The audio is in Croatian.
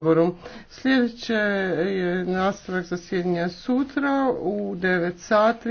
odboru. Sljedeće je nastavak zasjedanja sutra u 9 sati.